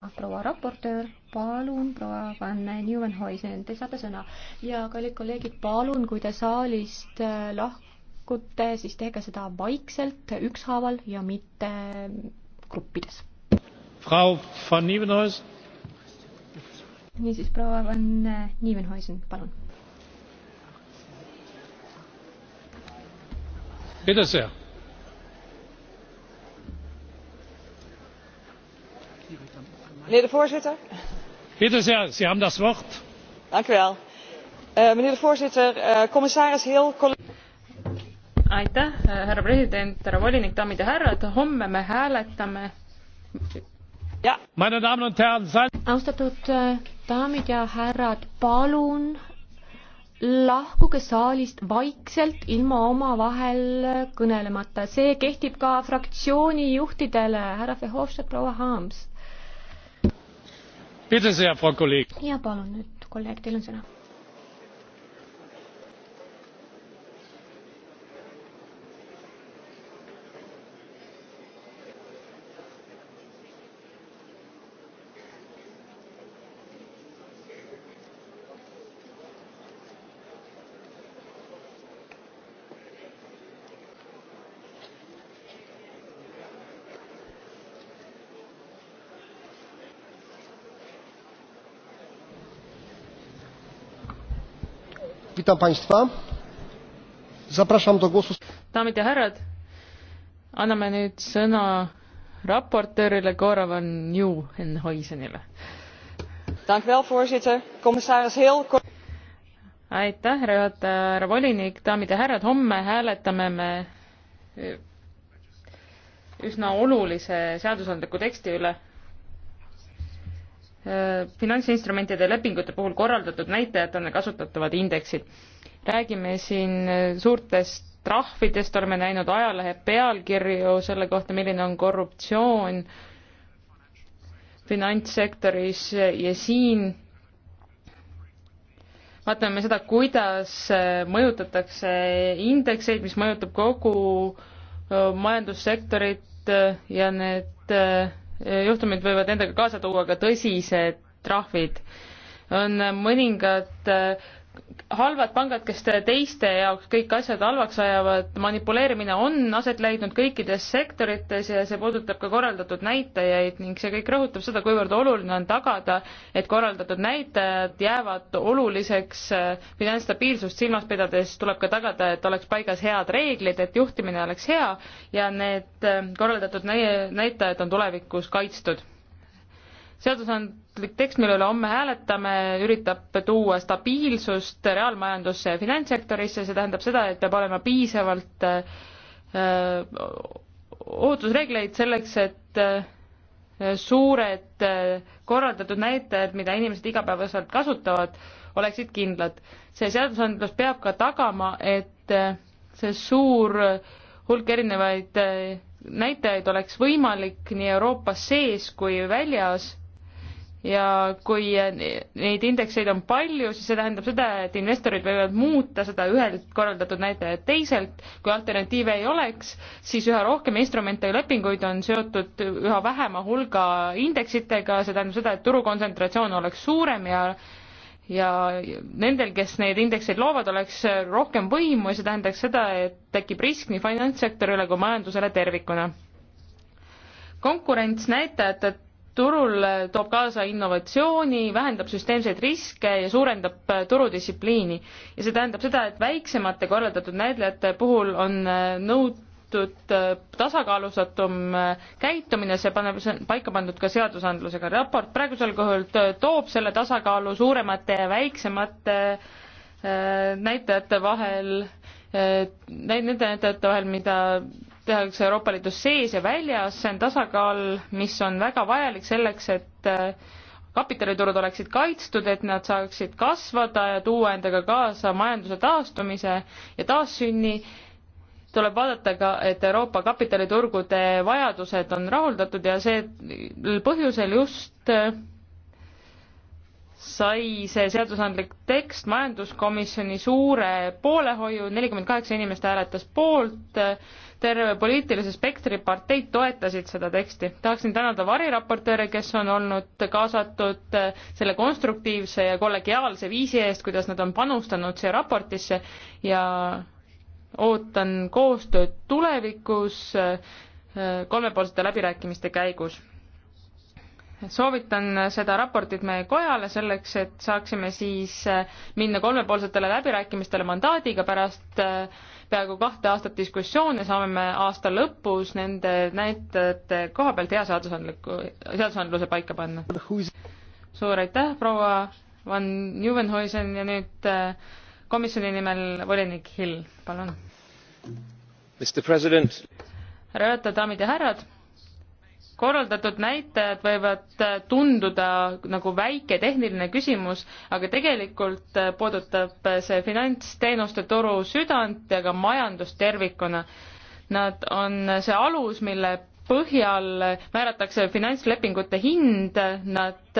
Ah, proua raportöör, palun, proua Van Nieuwenhuisen, te saate sõna. ja kallid kolleegid, palun, kui te saalist äh, lahkute, siis tehke seda vaikselt, ükshaaval ja mitte äh, gruppides. Frau Van Nieuwenhuis. niisiis, proua Van äh, Nieuwenhuisen, palun. Bitte sehr voorzitter eh, eh, commissaris hill aitäh eh, härra president härra volinik daamid ja härrad homme me hääletame austatud daamid ja härrad palun lahkuge saalist vaikselt ilma omavahel kõnelemata see kehtib ka fraktsiooni juhtidele härra verhofstadt proua harms ja palun nüüd kolleeg, teil on sõna witam państwa zapraszam do głosu daamid ja härrad anname nüüd sõna raportöörile Cora van Nieuwenhuizenile dank wel voorzitter commissaris Hill aitäh härra juhataja härra volinik daamid ja härrad homme hääletame me eh, üsna olulise seadusandliku teksti üle finantsinstrumentide lepingute puhul korraldatud näitajatena kasutatavad indeksid. räägime siin suurtest trahvidest, oleme näinud ajalehe pealkirju selle kohta, milline on korruptsioon finantssektoris ja siin vaatame seda, kuidas mõjutatakse indekseid, mis mõjutab kogu äh, majandussektorit äh, ja need äh, juhtumid võivad endaga kaasa tuua ka tõsised trahvid. on mõningad äh, halvad pangad, kes teiste jaoks kõik asjad halvaks ajavad, manipuleerimine on aset leidnud kõikides sektorites ja see puudutab ka korraldatud näitajaid ning see kõik rõhutab seda, kuivõrd oluline on tagada, et korraldatud näitajad jäävad oluliseks äh, finantsstabiilsust silmas pidades, tuleb ka tagada, et oleks paigas head reeglid, et juhtimine oleks hea ja need äh, korraldatud näitajad on tulevikus kaitstud. seadusand-, seaduslik tekst, mille üle homme hääletame, üritab tuua stabiilsust reaalmajandusse ja finantssektorisse, see tähendab seda, et peab olema piisavalt äh, ootusreegleid selleks, et äh, suured äh, korraldatud näitajad, mida inimesed igapäevaselt kasutavad, oleksid kindlad. see seadusandlus peab ka tagama, et see suur hulk erinevaid näitajaid oleks võimalik nii Euroopas sees kui väljas ja kui neid indekseid on palju, siis see tähendab seda, et investorid võivad muuta seda ühelt korraldatud näitajalt teiselt, kui alternatiive ei oleks, siis üha rohkem instrumente ja lepinguid on seotud üha vähema hulga indeksitega, see tähendab seda, et turukontsentratsioon oleks suurem ja ja nendel, kes neid indekseid loovad, oleks rohkem võimu ja see tähendaks seda, et tekib risk nii finantssektorile kui majandusele tervikuna. konkurents näitajate turul toob kaasa innovatsiooni, vähendab süsteemseid riske ja suurendab turudistsipliini. ja see tähendab seda, et väiksemate korraldatud näitlejate puhul on äh, nõutud äh, tasakaalustatum äh, käitumine, see paneb, see on paika pandud ka seadusandlusega. raport praegusel kujul toob selle tasakaalu suuremate ja väiksemate näitajate vahel, nende näitajate vahel, mida tehakse Euroopa Liidus sees ja väljas, see on tasakaal, mis on väga vajalik selleks, et äh, kapitaliturud oleksid kaitstud, et nad saaksid kasvada ja tuua endaga kaasa majanduse taastumise ja taassünni. tuleb vaadata ka, et Euroopa kapitaliturgude vajadused on rahuldatud ja see põhjusel just äh, sai see seadusandlik tekst majanduskomisjoni suure poolehoiu, nelikümmend kaheksa inimest hääletas poolt terve poliitilise spektri parteid toetasid seda teksti. tahaksin tänada variraportööre, kes on olnud kaasatud eh, selle konstruktiivse ja kollegiaalse viisi eest, kuidas nad on panustanud siia raportisse ja ootan koostööd tulevikus eh, kolmepoolsete läbirääkimiste käigus soovitan seda raportit meie kojale selleks, et saaksime siis äh, minna kolmepoolsetele läbirääkimistele mandaadiga pärast äh, peaaegu kahte aastat diskussioone, saame me aasta lõpus nende näitajate koha pealt hea seadusandliku, seadusandluse paika panna. suur aitäh, proua Van Juvenhuisen ja nüüd äh, komisjoni nimel volinik Hill, palun. härra juhataja, daamid ja härrad korraldatud näitajad võivad äh, tunduda nagu väike tehniline küsimus, aga tegelikult äh, puudutab äh, see finantsteenuste turu südant ja ka majandust tervikuna. Nad on see alus, mille põhjal määratakse finantslepingute hind, nad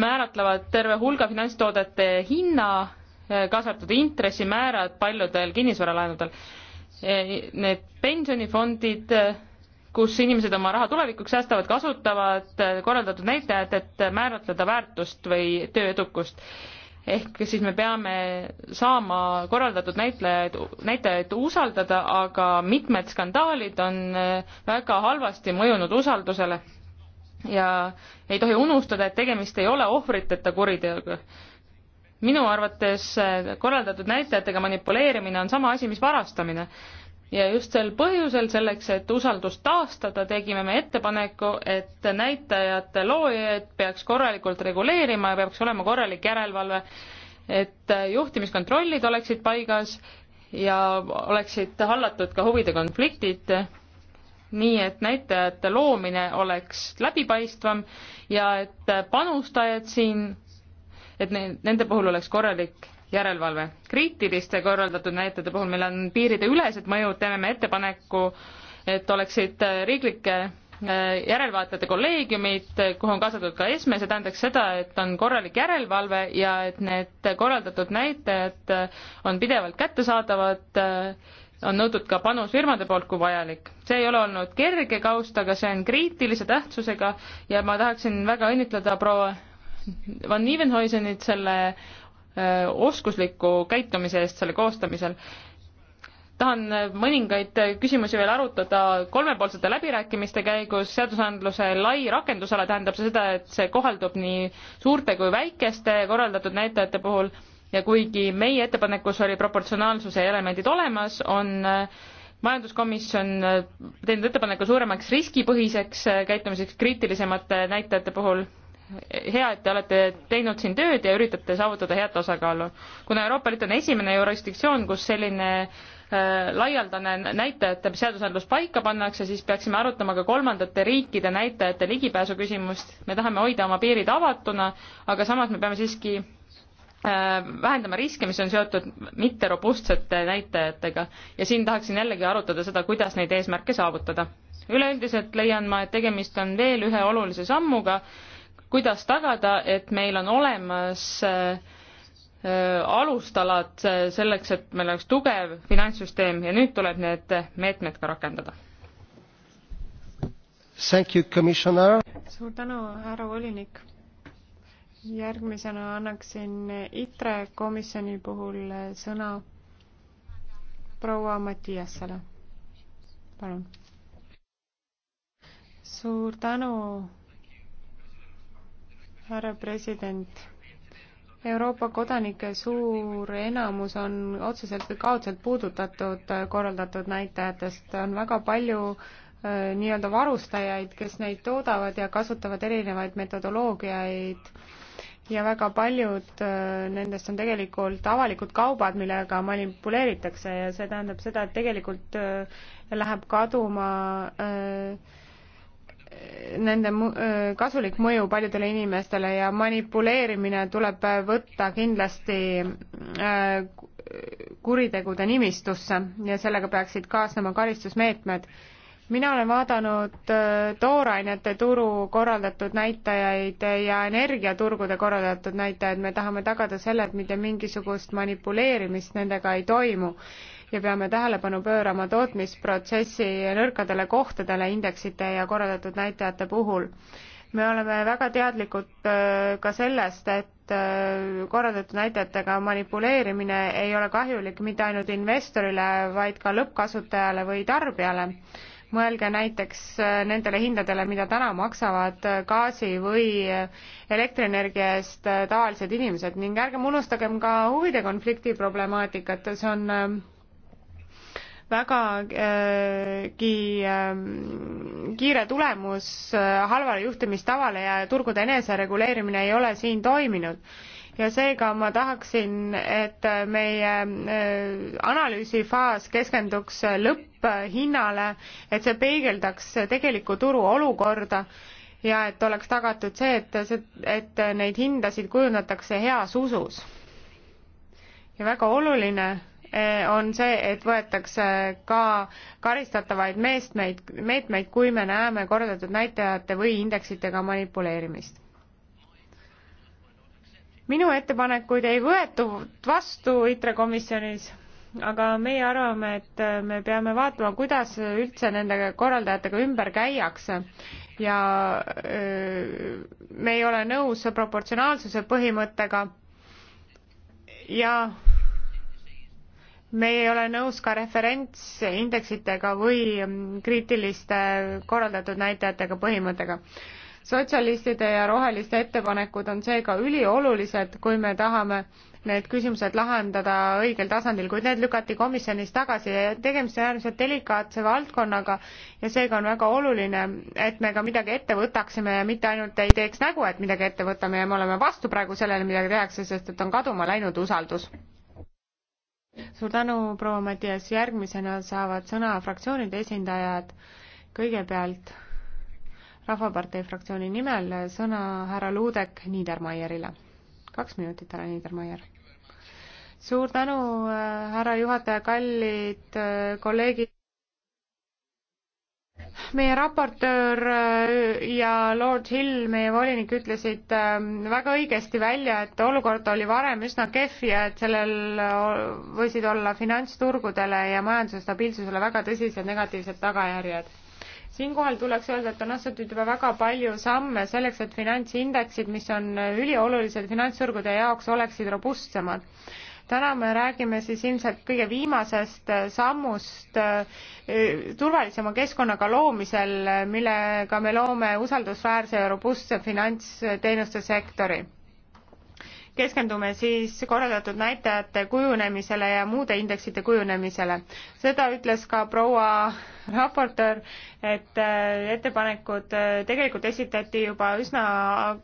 määratlevad terve hulga finantstoodete hinna, kaasa arvatud intressimäärad paljudel kinnisvaralaenudel. Need pensionifondid kus inimesed oma raha tulevikuks säästavad, kasutavad äh, korraldatud näitajat, et äh, määratleda väärtust või töö edukust. ehk siis me peame saama korraldatud näitlejaid, näitajaid usaldada, aga mitmed skandaalid on äh, väga halvasti mõjunud usaldusele. ja ei tohi unustada, et tegemist ei ole ohvriteta kuriteoga minu arvates korraldatud näitajatega manipuleerimine on sama asi, mis varastamine ja just sel põhjusel, selleks, et usaldust taastada, tegime me ettepaneku, et näitajate loojaid peaks korralikult reguleerima ja peaks olema korralik järelevalve, et juhtimiskontrollid oleksid paigas ja oleksid hallatud ka huvide konfliktid, nii et näitajate loomine oleks läbipaistvam ja et panustajad siin, et nende puhul oleks korralik järelevalve. kriitiliste korraldatud näitajate puhul, millel on piirideülesed mõjud, teeme me ettepaneku, et oleksid äh, riiklike äh, järelevaatajate kolleegiumid, kuhu on kaasatud ka ESME, see tähendaks seda, et on korralik järelevalve ja et need korraldatud näitajad äh, on pidevalt kättesaadavad, on nõutud ka panus firmade poolt, kui vajalik. see ei ole olnud kerge kaust, aga see on kriitilise tähtsusega ja ma tahaksin väga õnnitleda proua Van Nieuwenhuisenit selle äh, Äh, oskusliku käitumise eest selle koostamisel. tahan äh, mõningaid äh, küsimusi veel arutada kolmepoolsete läbirääkimiste käigus, seadusandluse lai rakendusala tähendab see seda, et see kohaldub nii suurte kui väikeste korraldatud näitajate puhul ja kuigi meie ettepanekus oli proportsionaalsuse elemendid olemas, on majanduskomisjon teinud ettepaneku suuremaks riskipõhiseks käitumiseks kriitilisemate näitajate puhul hea, et te olete teinud siin tööd ja üritate saavutada head tasakaalu. kuna Euroopa Liit on esimene jurisdiktsioon, kus selline äh, laialdane näitajate seadusandlus paika pannakse, siis peaksime arutama ka kolmandate riikide näitajate ligipääsu küsimust. me tahame hoida oma piirid avatuna, aga samas me peame siiski äh, vähendama riske, mis on seotud mitte robustsete näitajatega ja siin tahaksin jällegi arutada seda, kuidas neid eesmärke saavutada. üleüldiselt leian ma, et tegemist on veel ühe olulise sammuga kuidas tagada, et meil on olemas äh, äh, alustalad äh, selleks, et meil oleks tugev finantssüsteem ja nüüd tuleb need meetmed ka rakendada. suur tänu, härra volinik. järgmisena annaksin ITRE komisjoni puhul sõna proua Mattiasele. palun. suur tänu härra president Euroopa kodanike suur enamus on otseselt või kaudselt puudutatud korraldatud näitajatest, on väga palju äh, nii-öelda varustajaid, kes neid toodavad ja kasutavad erinevaid metodoloogiaid ja väga paljud äh, nendest on tegelikult avalikud kaubad, millega manipuleeritakse ja see tähendab seda, et tegelikult äh, läheb kaduma äh, nende kasulik mõju paljudele inimestele ja manipuleerimine tuleb võtta kindlasti kuritegude nimistusse ja sellega peaksid kaasnema karistusmeetmed. mina olen vaadanud toorainete turu korraldatud näitajaid ja energiaturgude korraldatud näitajaid, me tahame tagada selle, et mitte mingisugust manipuleerimist nendega ei toimu ja peame tähelepanu pöörama tootmisprotsessi nõrkadele kohtadele indeksite ja korraldatud näitajate puhul. me oleme väga teadlikud äh, ka sellest, et äh, korraldatud näitajatega manipuleerimine ei ole kahjulik mitte ainult investorile, vaid ka lõppkasutajale või tarbijale mõelge näiteks äh, nendele hindadele, mida täna maksavad gaasi või elektrienergia eest tavalised inimesed ning ärgem unustagem ka huvide konflikti problemaatikat, see on vägagi ähm, kiire tulemus äh, halvale juhtimistavale ja turgude enesereguleerimine ei ole siin toiminud ja seega ma tahaksin, et meie äh, analüüsifaas keskenduks lõpphinnale, et see peegeldaks tegelikku turu olukorda ja et oleks tagatud see, et see, et neid hindasid kujundatakse heas usus. ja väga oluline Eh, on see, et võetakse ka karistatavaid meestmeid, meetmeid, kui me näeme kordatud näitajate või indeksitega manipuleerimist. minu ettepanekuid ei võetud vastu ITRE komisjonis, aga meie arvame, et me peame vaatama, kuidas üldse nende korraldajatega ümber käiakse ja öö, eh, me ei ole nõus proportsionaalsuse põhimõttega ja me ei ole nõus ka referentsindeksitega või mm, kriitiliste korraldatud näitajatega põhimõttega. sotsialistide ja roheliste ettepanekud on seega üliolulised, kui me tahame need küsimused lahendada õigel tasandil, kuid need lükati komisjonis tagasi ja tegemist on äärmiselt delikaatse valdkonnaga ja seega on väga oluline, et me ka midagi ette võtaksime ja mitte ainult ei teeks nägu, et midagi ette võtame ja me oleme vastu praegu sellele, midagi tehakse, sest et on kaduma läinud usaldus suur tänu, proua Mattias, järgmisena saavad sõna fraktsioonide esindajad. kõigepealt Rahvapartei fraktsiooni nimel sõna härra Luudek Niedermayerile. kaks minutit, härra Niedermayer. suur tänu, äh, härra juhataja, kallid äh, kolleegid meie raportöör äh, ja Lord Hill, meie volinik, ütlesid ähm, väga õigesti välja, et olukord oli varem üsna kehv ja et sellel äh, võisid olla finantsturgudele ja majanduse stabiilsusele väga tõsised negatiivsed tagajärjed siinkohal tuleks öelda, et on astutud juba väga palju samme selleks, et finantsindeksid, mis on üliolulised finantsturgude jaoks, oleksid robustsemad täna me räägime siis ilmselt kõige viimasest äh, sammust äh, turvalisema keskkonnaga loomisel, äh, millega me loome usaldusväärse ja robustse finantsteenuste sektori keskendume siis korraldatud näitajate kujunemisele ja muude indeksite kujunemisele. seda ütles ka proua raportöör, et äh, ettepanekud äh, tegelikult esitati juba üsna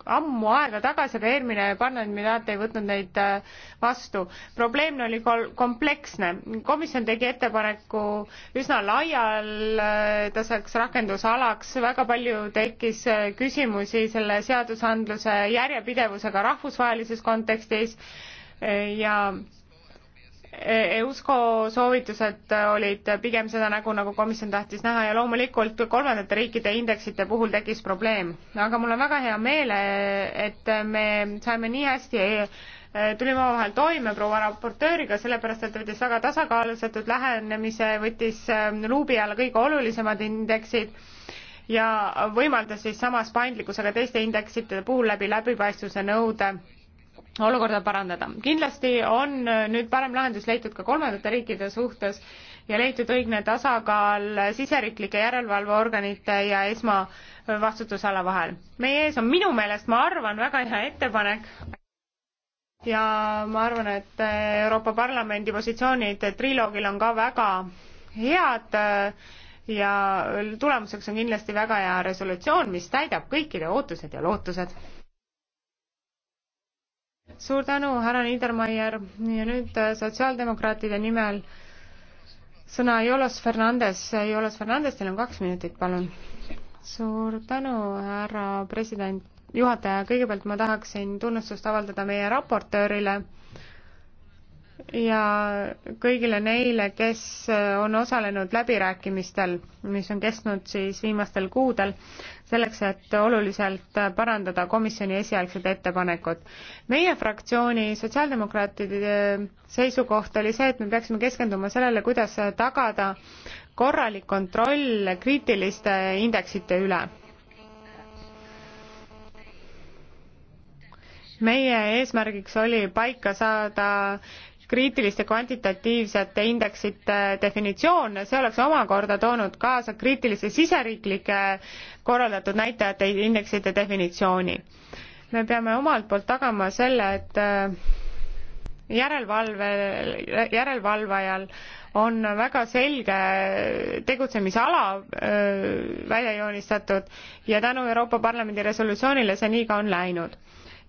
ammu aega tagasi, aga eelmine parlamendimandaat ei võtnud neid äh, vastu. probleem oli kompleksne. komisjon tegi ettepaneku üsna laialdaseks rakendusalaks, väga palju tekkis küsimusi selle seadusandluse järjepidevusega rahvusvahelises kontekstis, kontekstis ja EUSCO soovitused olid pigem seda nägu, nagu komisjon tahtis näha ja loomulikult kolmandate riikide indeksite puhul tekkis probleem. aga mul on väga hea meel, et me saime nii hästi tulime omavahel toime proua raportööriga, sellepärast et ta võttis väga tasakaalustatud lähenemise, võttis luubi alla kõige olulisemad indeksid ja võimaldas siis samas paindlikkusega teiste indeksite puhul läbi läbipaistvuse nõude olukorda parandada. kindlasti on äh, nüüd parem lahendus leitud ka kolmandate riikide suhtes ja leitud õigne tasakaal siseriiklike järelevalveorganite ja esmavastutusala vahel. meie ees on minu meelest, ma arvan, väga hea ettepanek ja ma arvan, et äh, Euroopa Parlamendi positsioonid triloogil on ka väga head äh, ja tulemuseks on kindlasti väga hea resolutsioon, mis täidab kõikide ootused ja lootused suur tänu, härra Niedermeier ja nüüd äh, sotsiaaldemokraatide nimel sõna Jolos Fernandes. Jolos Fernandes, teil on kaks minutit, palun. suur tänu, härra president, juhataja, kõigepealt ma tahaksin tunnustust avaldada meie raportöörile ja kõigile neile, kes äh, on osalenud läbirääkimistel, mis on kestnud siis viimastel kuudel selleks, et oluliselt parandada komisjoni esialgset ettepanekut. meie fraktsiooni sotsiaaldemokraatide äh, seisukoht oli see, et me peaksime keskenduma sellele, kuidas tagada korralik kontroll kriitiliste indeksite üle meie eesmärgiks oli paika saada kriitiliste kvantitatiivsete indeksite definitsioon, see oleks omakorda toonud kaasa kriitilise siseriiklike korraldatud näitajate indeksite definitsiooni. me peame omalt poolt tagama selle, et äh, järelevalve, järelevalvajal on väga selge tegutsemisala äh, välja joonistatud ja tänu Euroopa Parlamendi resolutsioonile see nii ka on läinud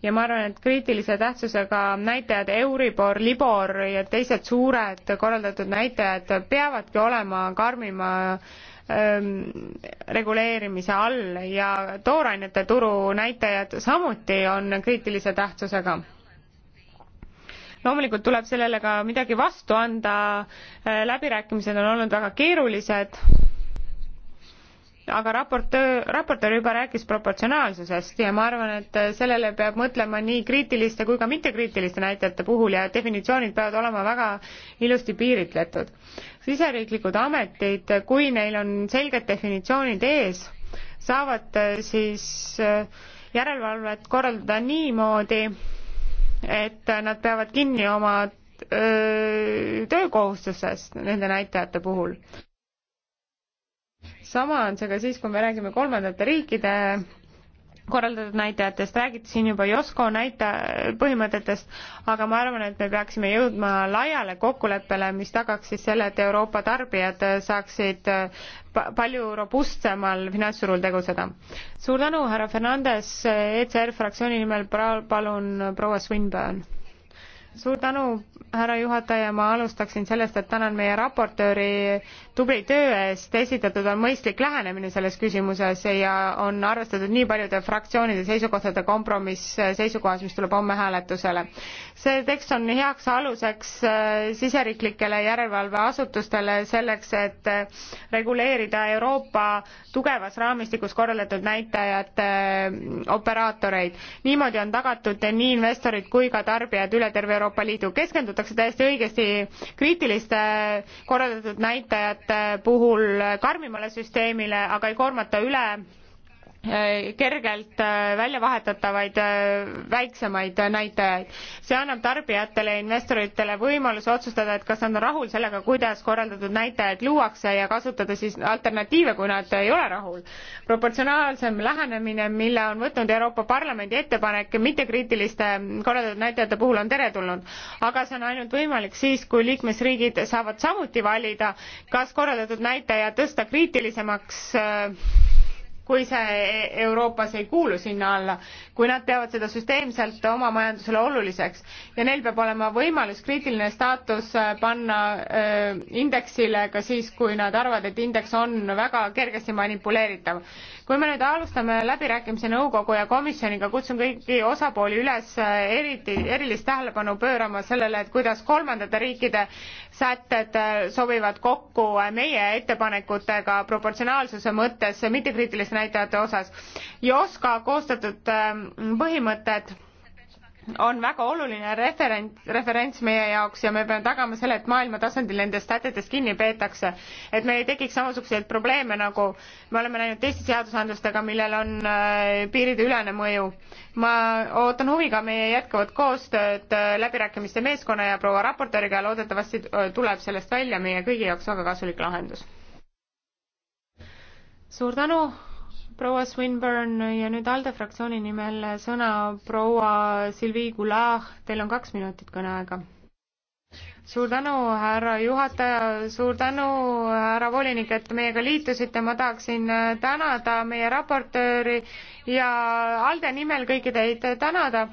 ja ma arvan, et kriitilise tähtsusega näitajad Euribor, Libor ja teised suured korraldatud näitajad peavadki olema karmima ähm, reguleerimise all ja toorainete turu näitajad samuti on kriitilise tähtsusega loomulikult tuleb sellele ka midagi vastu anda, äh, läbirääkimised on olnud väga keerulised aga raportöör, raportöör juba rääkis proportsionaalsusest ja ma arvan, et sellele peab mõtlema nii kriitiliste kui ka mittekriitiliste näitajate puhul ja definitsioonid peavad olema väga ilusti piiritletud. siseriiklikud ametid, kui neil on selged definitsioonid ees, saavad siis järelevalvet korraldada niimoodi, et nad peavad kinni oma öö, töökohustusest nende näitajate puhul sama on see ka siis, kui me räägime kolmandate riikide korraldatud näitajatest, räägiti siin juba Josko näita-, põhimõtetest, aga ma arvan, et me peaksime jõudma laiale kokkuleppele, mis tagaks siis selle, et Euroopa tarbijad saaksid palju robustsemal finantsturul tegutseda. suur tänu, härra Fernandes, ECR fraktsiooni nimel pra-, palun proua Swinburne suur tänu, härra juhataja, ma alustaksin sellest, et tänan meie raportööri tubli töö eest, esitatud on mõistlik lähenemine selles küsimuses ja on arvestatud nii paljude fraktsioonide seisukohtade kompromiss äh, seisukohas, mis tuleb homme hääletusele. see tekst on heaks aluseks äh, siseriiklikele järelevalveasutustele selleks, et äh, reguleerida Euroopa tugevas raamistikus korraldatud näitajate operaatoreid. niimoodi on tagatud nii investorid kui ka tarbijad üle terve Euroopa Euroopa Liidu, keskendutakse täiesti õigesti kriitiliste korraldatud näitajate puhul karmimale süsteemile, aga ei koormata üle Äh, kergelt äh, välja vahetatavaid äh, väiksemaid näitajaid. see annab tarbijatele ja investoritele võimaluse otsustada, et kas nad on rahul sellega, kuidas korraldatud näitajaid luuakse ja kasutada siis alternatiive, kui nad ei ole rahul. proportsionaalsem lähenemine, mille on võtnud Euroopa Parlamendi ettepanek mittekriitiliste korraldatud näitajate puhul, on teretulnud. aga see on ainult võimalik siis, kui liikmesriigid saavad samuti valida, kas korraldatud näitaja tõsta kriitilisemaks äh, kui see Euroopas ei kuulu sinna alla, kui nad peavad seda süsteemselt oma majandusele oluliseks ja neil peab olema võimalus kriitiline staatus äh, panna äh, indeksile ka siis, kui nad arvavad, et indeks on väga kergesti manipuleeritav kui me nüüd alustame läbirääkimisi nõukogu ja komisjoniga, kutsun kõiki osapooli üles äh, eriti, erilist tähelepanu pöörama sellele, et kuidas kolmandate riikide sätted äh, sobivad kokku äh, meie ettepanekutega proportsionaalsuse mõttes mittekriitiliste näitajate osas. ja OSKA koostatud ähm, põhimõtted on väga oluline referent, referents meie jaoks ja me peame tagama selle, et maailma tasandil nendest sätetest kinni peetakse. et meil ei tekiks samasuguseid probleeme, nagu me oleme näinud teiste seadusandlustega, millel on äh, piirideülene mõju. ma ootan huviga meie jätkuvat koostööd äh, läbirääkimiste meeskonna ja proua raportööriga ja loodetavasti äh, tuleb sellest välja meie kõigi jaoks väga kasulik lahendus. suur tänu proua Swinburne ja nüüd ALDE fraktsiooni nimel sõna proua Sylvie Goulart, teil on kaks minutit kõneaega suur tänu, härra juhataja, suur tänu, härra volinik, et meiega liitusite, ma tahaksin äh, tänada meie raportööri ja ALDE nimel kõiki teid tänada.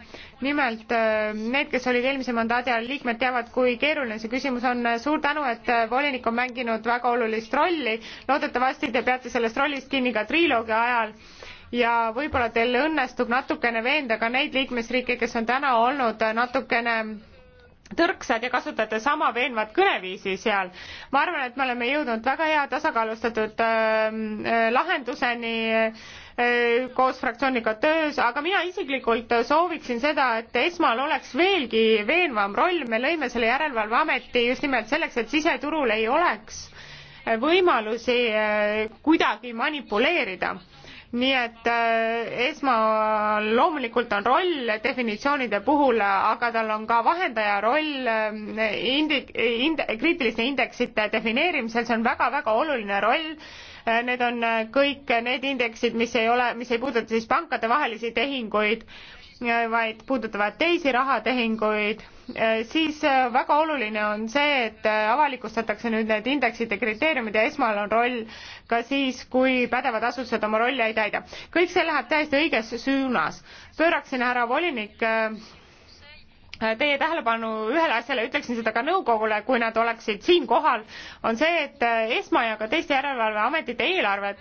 nimelt äh, need, kes olid eelmise mandaadi ajal liikmed, teavad, kui keeruline see küsimus on. suur tänu, et äh, volinik on mänginud väga olulist rolli. loodetavasti te peate sellest rollist kinni ka triloogia ajal ja võib-olla teil õnnestub natukene veenda ka neid liikmesriike, kes on täna olnud natukene tõrksad ja kasutate sama veenvat kõneviisi seal. ma arvan, et me oleme jõudnud väga hea tasakaalustatud ähm, äh, lahenduseni äh, koos fraktsiooniga töös, aga mina isiklikult sooviksin seda, et esmal oleks veelgi veenvam roll, me lõime selle Järelevalveameti just nimelt selleks, et siseturul ei oleks võimalusi äh, kuidagi manipuleerida nii et äh, esmal loomulikult on roll definitsioonide puhul, aga tal on ka vahendaja roll äh, indi-, ind-, kriitiliste indeksite defineerimisel, see on väga-väga oluline roll. Äh, need on kõik need indeksid, mis ei ole, mis ei puuduta siis pankadevahelisi tehinguid, vaid puudutavad teisi rahatehinguid Äh, siis äh, väga oluline on see, et äh, avalikustatakse nüüd need indeksid ja kriteeriumid ja esmal on roll ka siis, kui pädevad asutused oma rolli ei täida. kõik see läheb täiesti õiges suunas. pööraksin härra volinik teie tähelepanu ühele asjale, ütleksin seda ka nõukogule, kui nad oleksid siin kohal, on see, et ESMA ja ka teiste järelevalveametite eelarved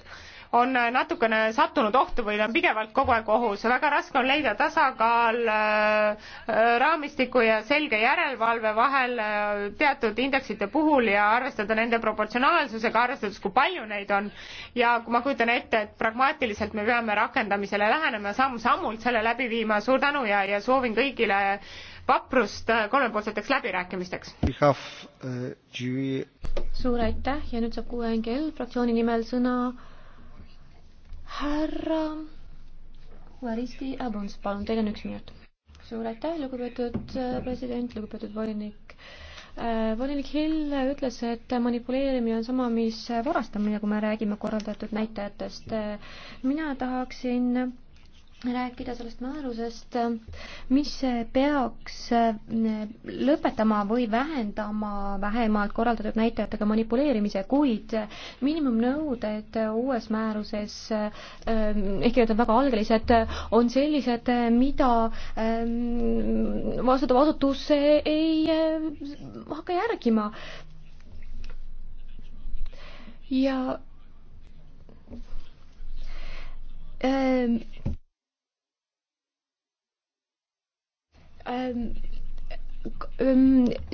on natukene sattunud ohtu või on pidevalt kogu aeg ohus. väga raske on leida tasakaal äh, äh, raamistiku ja selge järelevalve vahel äh, teatud indeksite puhul ja arvestada nende proportsionaalsusega, arvestades, kui palju neid on. ja kui ma kujutan ette, et pragmaatiliselt me peame rakendamisele lähenema samm-sammult, selle läbi viima. suur tänu ja, ja soovin kõigile vaprust kolmepoolseteks läbirääkimisteks. suur aitäh ja nüüd saab QNGL fraktsiooni nimel sõna härra Varisti Abons, palun, teil on üks minut. suur aitäh, lugupeetud äh, president, lugupeetud volinik äh, Volinik Hill ütles, et manipuleerimine on sama, mis varastamine, kui me räägime korraldatud näitajatest. Äh, mina tahaksin rääkida sellest määrusest, mis peaks lõpetama või vähendama vähemalt korraldatud näitajatega manipuleerimise, kuid miinimumnõuded uues määruses, ehkki need on väga algelised, on sellised, mida ähm, vastutav asutus ei äh, hakka järgima. ja ähm, ähm,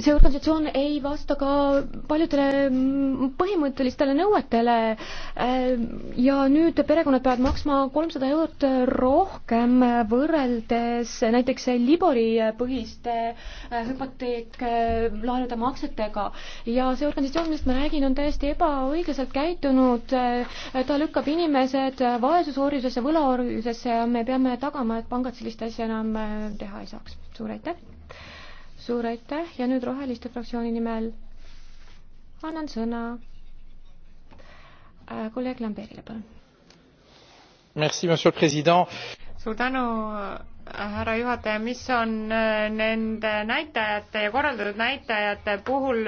see organisatsioon ei vasta ka paljudele mm, põhimõttelistele nõuetele ja nüüd perekonnad peavad maksma kolmsada eurot rohkem võrreldes näiteks Libori põhiste äh, hüpoteeklaenude maksetega ja see organisatsioon, millest ma räägin, on täiesti ebaõiglaselt käitunud. Äh, ta lükkab inimesed vaesusorjusesse, võlaorjusesse ja me peame tagama, et pangad sellist asja enam äh, teha ei saaks. suur aitäh! suur aitäh ja nüüd Roheliste fraktsiooni nimel annan sõna äh, kolleeg Lamberile, palun. suur tänu, äh, härra juhataja, mis on äh, nende näitajate ja korraldatud näitajate puhul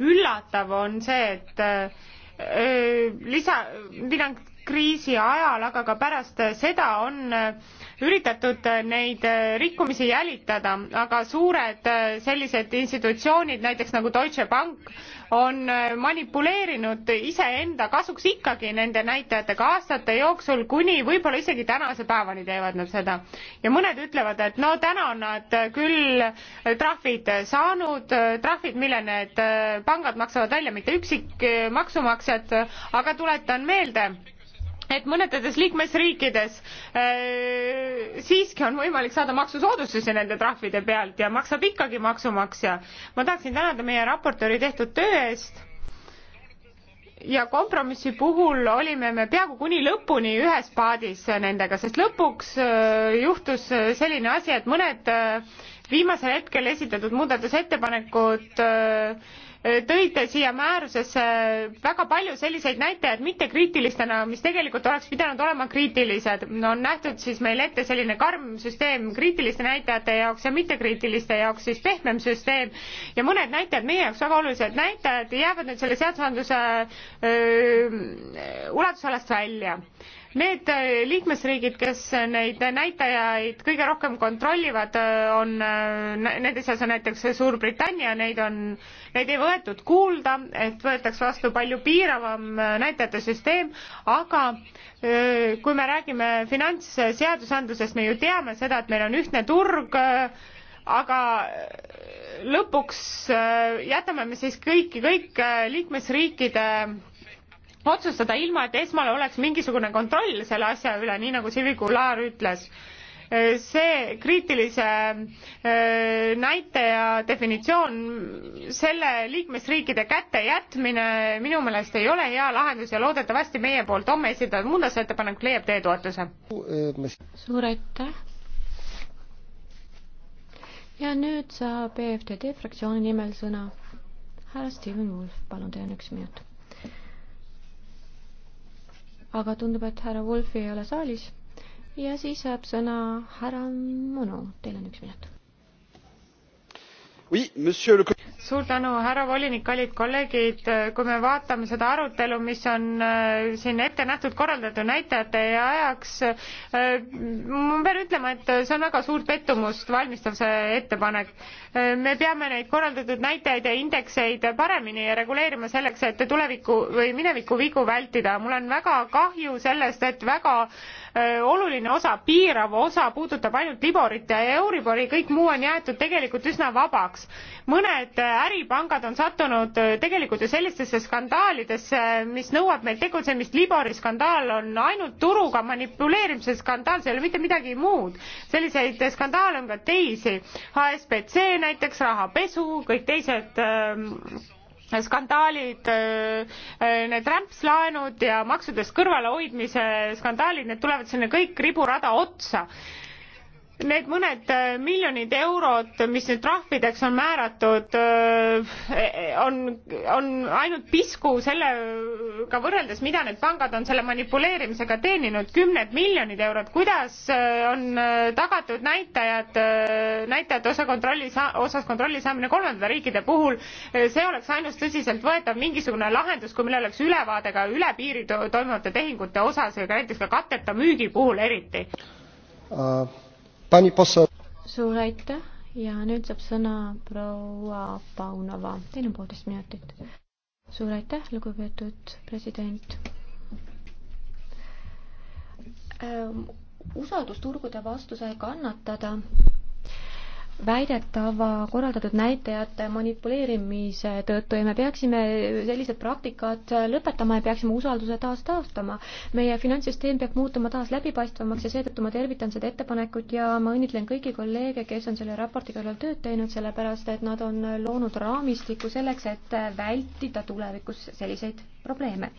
üllatav, on see, et lisa, pidanud kriisi ajal, aga ka pärast seda on äh, üritatud äh, neid äh, rikkumisi jälitada, aga suured sellised institutsioonid, näiteks nagu Deutsche Bank, on manipuleerinud iseenda kasuks ikkagi nende näitajatega aastate jooksul, kuni võib-olla isegi tänase päevani teevad nad seda. ja mõned ütlevad, et no täna on nad küll trahvid saanud, trahvid, mille need pangad maksavad välja, mitte üksik maksumaksjad, aga tuletan meelde, et mõnedes liikmesriikides äh, siiski on võimalik saada maksusoodustusi nende trahvide pealt ja maksab ikkagi maksumaksja. ma tahaksin tänada meie raportööri tehtud töö eest ja kompromissi puhul olime me peaaegu kuni lõpuni ühes paadis nendega, sest lõpuks äh, juhtus äh, selline asi, et mõned äh, viimasel hetkel esitatud muudatusettepanekud tõite siia määrusesse väga palju selliseid näitajaid mittekriitilistena, mis tegelikult oleks pidanud olema kriitilised. on nähtud siis meil ette selline karm süsteem kriitiliste näitajate jaoks ja mittekriitiliste jaoks siis pehmem süsteem ja mõned näitajad, meie jaoks väga olulised näitajad, jäävad nüüd selle seadusandluse ulatusalast välja Need äh, liikmesriigid, kes neid näitajaid kõige rohkem kontrollivad, äh, on, äh, nende seas on näiteks Suurbritannia, neid on, neid ei võetud kuulda, et võetaks vastu palju piiravam näitajate süsteem, aga kui me räägime finantsseadusandlusest, me ju teame seda, et meil on ühtne turg, aga lõpuks jätame me siis kõiki, kõik liikmesriikide otsustada ilma, et esmale oleks mingisugune kontroll selle asja üle, nii nagu Silvi Kular ütles. Äh, see kriitilise äh, näitaja definitsioon, selle liikmesriikide kätte jätmine minu meelest ei ole hea lahendus ja loodetavasti meie poolt homme esitatud muudatusettepanek leiab teie toetuse. suur aitäh! ja nüüd saab EFTD fraktsiooni nimel sõna härra Steven Wolf, palun, teil on üks minut aga tundub, et härra Wolfi ei ole saalis ja siis saab sõna härra Mono, teil on üks minut suur tänu härra volinik kallid kolleegid kui me vaatame seda arutelu mis on äh, siin ette nähtud korraldatud näitajate ajaks äh, ma pean ütlema et see on väga suurt pettumust valmistav see ettepanek äh, me peame neid korraldatud näitajaid ja indekseid paremini reguleerima selleks et tuleviku või mineviku vigu vältida mul on väga kahju sellest et väga Äh, oluline osa, piirav osa puudutab ainult Liborit ja Euribori, kõik muu on jäetud tegelikult üsna vabaks. mõned äh, äripangad on sattunud äh, tegelikult ju sellistesse skandaalidesse, mis nõuab meil tegutsemist, Libori skandaal on ainult turuga manipuleerimise skandaal, see ei ole mitte midagi muud. selliseid skandaale on ka teisi, HSBC näiteks, rahapesu, kõik teised öö, ähm, skandaalid, äh, äh, need rämpslaenud ja maksudest kõrvalehoidmise skandaalid, need tulevad sinna kõik riburada otsa need mõned äh, miljonid eurod, mis nüüd trahvideks on määratud, äh, on, on ainult pisku sellega võrreldes, mida need pangad on selle manipuleerimisega teeninud, kümned miljonid eurot, kuidas äh, on tagatud näitajad, näitajate osa kontrolli, osas kontrolli saamine kolmandate riikide puhul, see oleks ainus tõsiseltvõetav mingisugune lahendus, kui meil oleks ülevaade ka üle piiri toimuvate tehingute osas, näiteks ka katteta müügi puhul eriti uh.? suur aitäh ja nüüd saab sõna proua Paunova, teil on poolteist minutit. suur aitäh, lugupeetud president ähm,. usaldusturgude vastu sai kannatada väidetava korraldatud näitajate manipuleerimise tõttu ja me peaksime sellised praktikad lõpetama ja peaksime usalduse taas taastama. meie finantssüsteem peab muutuma taas läbipaistvamaks ja seetõttu ma tervitan seda ettepanekut ja ma õnnitlen kõiki kolleege, kes on selle raporti kallal tööd teinud, sellepärast et nad on loonud raamistiku selleks, et vältida tulevikus selliseid probleeme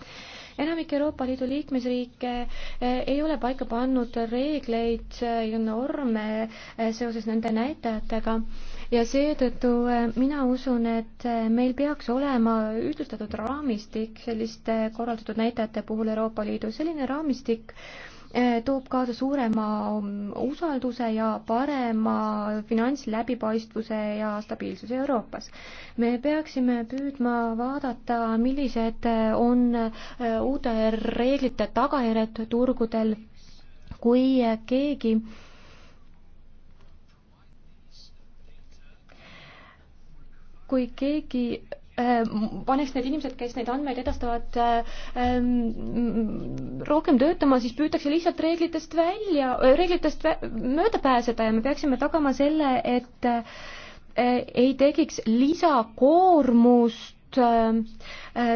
enamik Euroopa Liidu liikmesriike eh, ei ole paika pannud reegleid ja norme eh, seoses nende näitajatega ja seetõttu eh, mina usun, et meil peaks olema ühtlustatud raamistik selliste korraldatud näitajate puhul Euroopa Liidus, selline raamistik Eh, toob kaasa suurema mm, usalduse ja parema finantsläbipaistvuse ja stabiilsuse Euroopas. me peaksime püüdma vaadata, millised eh, on eh, uute reeglite tagajärjed turgudel, kui keegi kui keegi Äh, paneks need inimesed, kes neid andmeid edastavad äh, ähm,, rohkem töötama, siis püütakse lihtsalt reeglitest välja, äh, reeglitest vä mööda pääseda ja me peaksime tagama selle, et äh, ei tekiks lisakoormust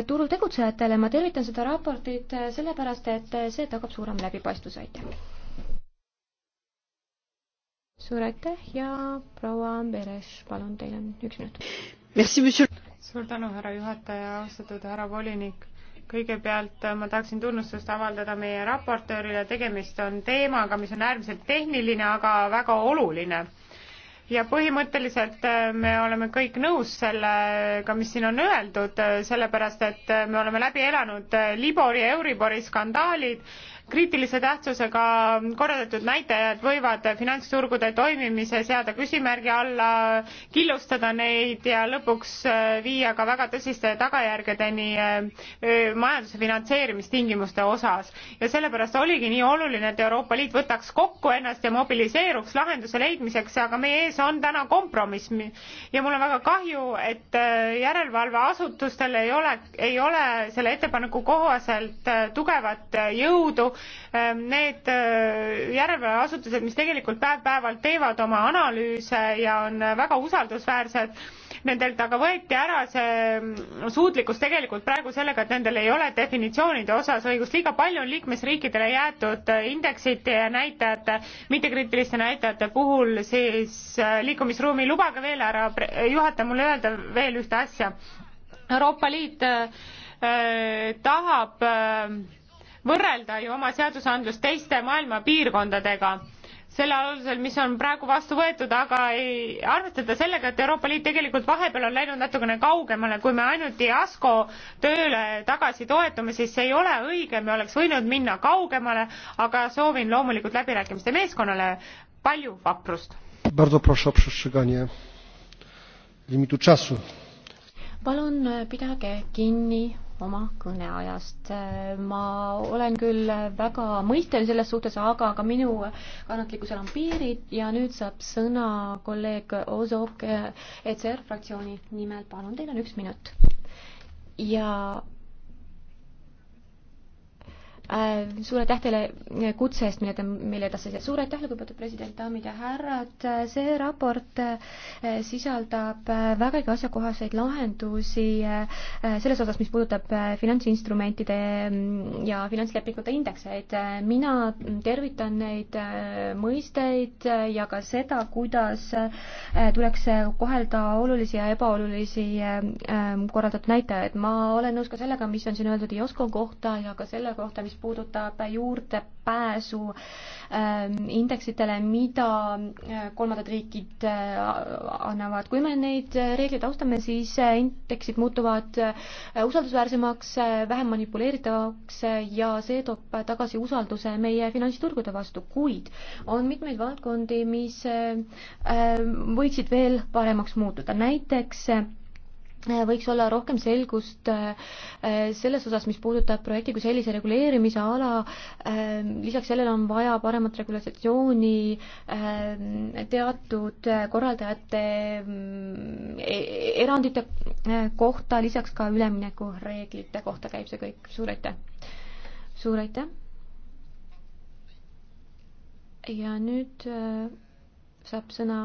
turul tegutsejatele, ma tervitan seda raportit sellepärast, et see tagab suurema läbipaistvuse, aitäh. suur aitäh ja proua Beres, palun, teil on üks minut suur tänu, härra juhataja, austatud härra volinik. kõigepealt äh, ma tahaksin tunnustust avaldada meie raportöörile, tegemist on teemaga, mis on äärmiselt tehniline, aga väga oluline. ja põhimõtteliselt äh, me oleme kõik nõus sellega, mis siin on öeldud, äh, sellepärast et me oleme läbi elanud Libori ja Euribori skandaalid kriitilise tähtsusega korraldatud näitajad võivad finantsturgude toimimise seada küsimärgi alla, killustada neid ja lõpuks äh, viia ka väga tõsiste tagajärgedeni äh, majanduse finantseerimistingimuste osas. ja sellepärast oligi nii oluline, et Euroopa Liit võtaks kokku ennast ja mobiliseeruks lahenduse leidmiseks, aga meie ees on täna kompromiss ja mul on väga kahju, et äh, järelevalveasutustel ei ole, ei ole selle ettepaneku kohaselt tugevat jõudu, Ehm, need äh, järelevalveasutused, mis tegelikult päev-päevalt teevad oma analüüse ja on äh, väga usaldusväärsed, nendelt aga võeti ära see mm, suutlikkus tegelikult praegu sellega, et nendel ei ole definitsioonide osas õigust, liiga palju on liikmesriikidele jäetud äh, indeksite ja näitajate, mittekriitiliste näitajate puhul siis liikumisruumi, lubage veel ära juhataja mulle öelda veel ühte asja. Euroopa Liit äh, tahab äh, võrrelda ju oma seadusandlust teiste maailma piirkondadega selle alusel, mis on praegu vastu võetud, aga ei arvestada sellega, et Euroopa Liit tegelikult vahepeal on läinud natukene kaugemale, kui me ainult IASCO tööle tagasi toetume, siis see ei ole õige, me oleks võinud minna kaugemale, aga soovin loomulikult läbirääkimiste meeskonnale palju vaprust. palun pidage kinni oma kõneajast. ma olen küll väga mõistev selles suhtes, aga ka minu kannatlikkusel on piirid ja nüüd saab sõna kolleeg Ozok ECR fraktsiooni nimel. palun, teil on üks minut. ja Äh, suur aitäh teile äh, kutse eest, mille te meile edastasite. suur aitäh, lugupeetud president, daamid ja härrad. Äh, see raport sisaldab vägagi asjakohaseid lahendusi selles osas, mis puudutab finantsinstrumentide mm, ja finantslepingute indekseid. mina tervitan neid mõisteid ja ka seda, kuidas tuleks kohelda olulisi ja ebaolulisi korraldatud näitajaid. ma olen nõus ka sellega, mis on siin öeldud IOSCO kohta ja ka selle kohta, mis mis puudutab juurdepääsu ähm, indeksitele, mida äh, kolmandad riigid äh, annavad. kui me neid äh, reegleid austame, siis indeksid muutuvad usaldusväärsemaks, vähem manipuleeritavaks ja see toob tagasi usalduse meie finantsturgude vastu, kuid on mitmeid valdkondi, mis võiksid veel paremaks muutuda, näiteks Äh, võiks olla rohkem selgust äh, äh, selles osas, mis puudutab projekti kui sellise reguleerimise ala. Ähm, lisaks sellele on vaja paremat regulatsiooni ähm, teatud korraldajate mm, e-, erandite kohta, lisaks ka üleminekureeglite kohta käib see kõik. suur aitäh! suur aitäh! ja nüüd saab sõna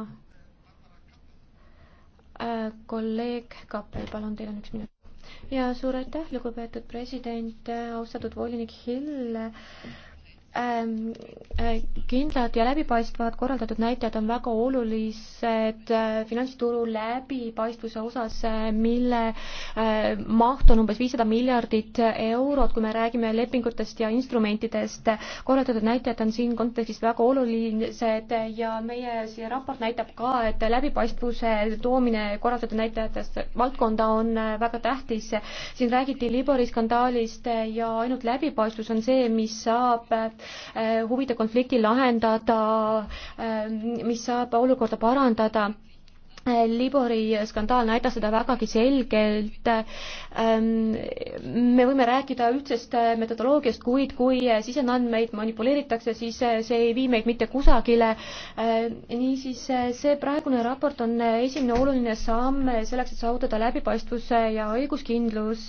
Äh, kolleeg Kappel, palun, teil on üks minut. ja suur aitäh, lugupeetud president, äh, austatud volinik Hill Ähm, äh, kindlad ja läbipaistvad korraldatud näitajad on väga olulised äh, finantsturu läbipaistvuse osas, äh, mille maht on umbes viissada miljardit eurot, kui me räägime lepingutest ja instrumentidest. korraldatud näitajad on siin kontekstis väga olulised ja meie see raport näitab ka, et läbipaistvuse toomine korraldatud näitajatest valdkonda on väga tähtis. siin räägiti Libori skandaalist ja ainult läbipaistvus on see, mis saab huvide konflikti lahendada, mis saab olukorda parandada Libori skandaal näitas seda vägagi selgelt. Ähm, me võime rääkida ühtsest metodoloogiast, kuid kui sisenandmeid manipuleeritakse, siis see ei vii meid mitte kusagile. Äh, niisiis, see praegune raport on esimene oluline samm selleks, et saavutada läbipaistvus ja õiguskindlus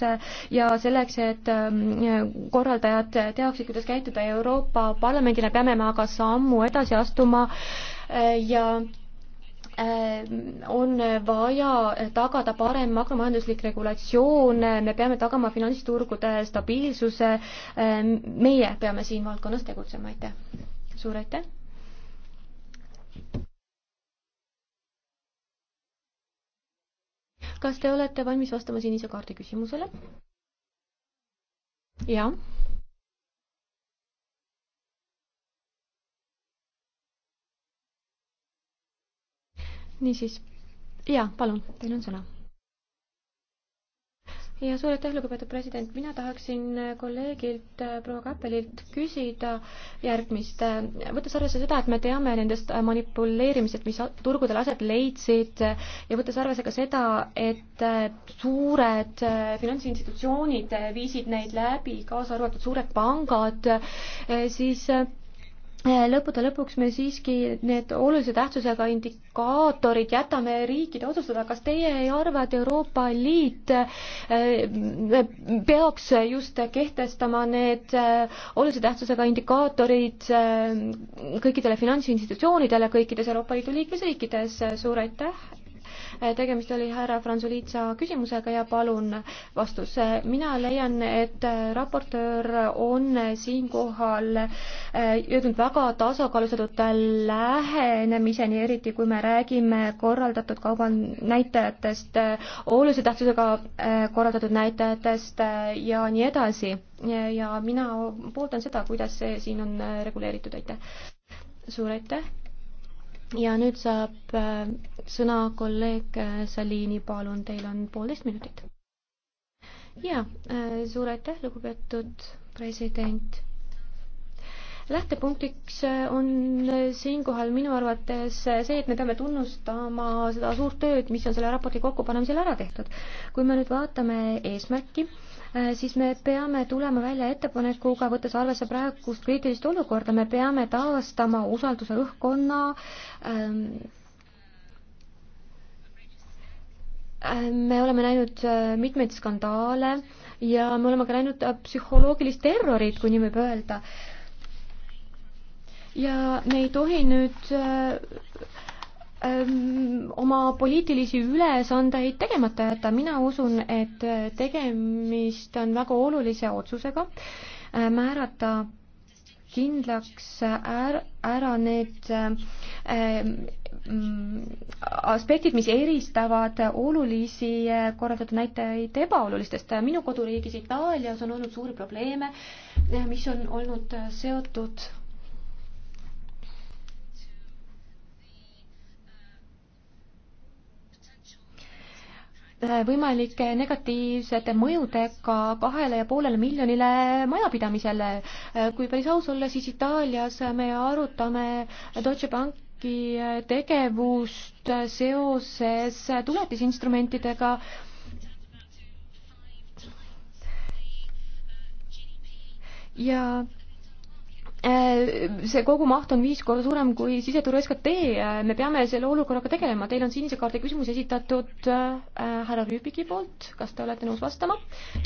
ja selleks, et ähm, korraldajad teaksid, kuidas käituda Euroopa Parlamendina, peame me aga sammu edasi astuma äh, ja Ehm, on vaja tagada parem makromajanduslik regulatsioon, me peame tagama finantsturgude stabiilsuse, ehm, meie peame siin valdkonnas tegutsema, aitäh. suur aitäh. kas te olete valmis vastama sinise kaardi küsimusele? jah niisiis, jaa, palun, teil on sõna ja suur aitäh, lugupeetud president, mina tahaksin kolleegilt äh, proua Kappelilt küsida järgmist. Äh, võttes arvesse seda, et me teame nendest äh, manipuleerimised, mis turgudel aset leidsid ja võttes arvesse ka seda, et suured finantsinstitutsioonid viisid neid läbi, kaasa arvatud suured pangad, siis Äh, lõppude lõpuks me siiski need olulise tähtsusega indikaatorid jätame riikide otsustada, kas teie ei arva, et Euroopa Liit äh, peaks just kehtestama need äh, olulise tähtsusega indikaatorid kõikidele finantsinstitutsioonidele kõikides Euroopa Liidu liikmesriikides, suur aitäh Eh, tegemist oli härra Franzulitsa küsimusega ja palun vastus. Eh, mina leian, et eh, raportöör on siinkohal jõudnud väga tasakaalustatud lähenemiseni, eriti kui me räägime korraldatud kaubanäitajatest, olulise tähtsusega korraldatud näitajatest ja nii edasi. ja mina pooldan seda, kuidas see siin on reguleeritud, aitäh. suur aitäh ja nüüd saab äh, sõna kolleeg äh, Salini, palun, teil on poolteist minutit. ja äh, suur aitäh, lugupeetud president. lähtepunktiks on siinkohal minu arvates see, et me peame tunnustama seda suurt tööd, mis on selle raporti kokkupanemisel ära tehtud. kui me nüüd vaatame eesmärki, Äh, siis me peame tulema välja ettepanekuga, võttes arvesse praegust kriitilist olukorda, me peame taastama usalduse õhkkonna ähm, äh, me oleme näinud äh, mitmeid skandaale ja me oleme ka näinud psühholoogilist terrorit, kui nii võib öelda. ja me ei tohi nüüd oma poliitilisi ülesandeid tegemata jätta, mina usun, et tegemist on väga olulise otsusega äh, määrata kindlaks ära, ära need äh, mm, aspektid, mis eristavad olulisi äh, korraldatud näitajaid ebaolulistest. minu koduriigis Itaalias on olnud suuri probleeme, mis on olnud seotud Äh, võimalike negatiivsete mõjudega kahele ja poolele miljonile majapidamisele. Äh, kui päris aus olla, siis Itaalias me arutame Deutsche Banki äh, tegevust seoses tuletisinstrumentidega ja Äh, see kogumaht on viis korda suurem kui siseturu SKT, äh, me peame selle olukorraga tegelema, teil on sinise kaardi küsimus esitatud äh, härra Rüübiki poolt, kas te olete nõus vastama